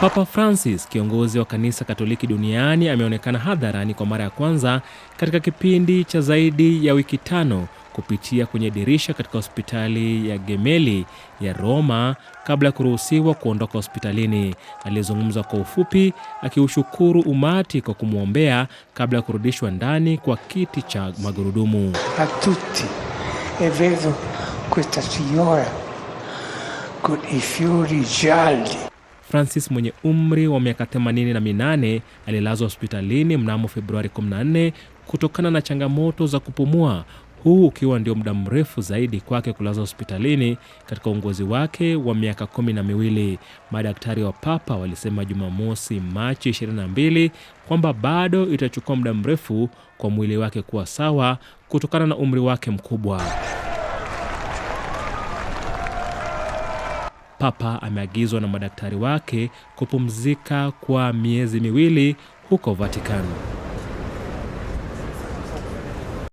Papa Francis, kiongozi wa kanisa Katoliki duniani, ameonekana hadharani kwa mara ya kwanza katika kipindi cha zaidi ya wiki tano kupitia kwenye dirisha katika hospitali ya Gemelli ya Roma kabla ya kuruhusiwa kuondoka hospitalini. Alizungumza kwa ufupi akiushukuru umati kwa kumwombea kabla ya kurudishwa ndani kwa kiti cha magurudumu. a tutti e vedo questa signora con i fiori gialli Francis mwenye umri wa miaka 88 alilazwa hospitalini mnamo Februari 14 kutokana na changamoto za kupumua, huu ukiwa ndio muda mrefu zaidi kwake kulazwa hospitalini katika uongozi wake wa miaka kumi na miwili. Madaktari wa Papa walisema Jumamosi, Machi 22 kwamba bado itachukua muda mrefu kwa mwili wake kuwa sawa kutokana na umri wake mkubwa. Papa ameagizwa na madaktari wake kupumzika kwa miezi miwili huko Vatikani.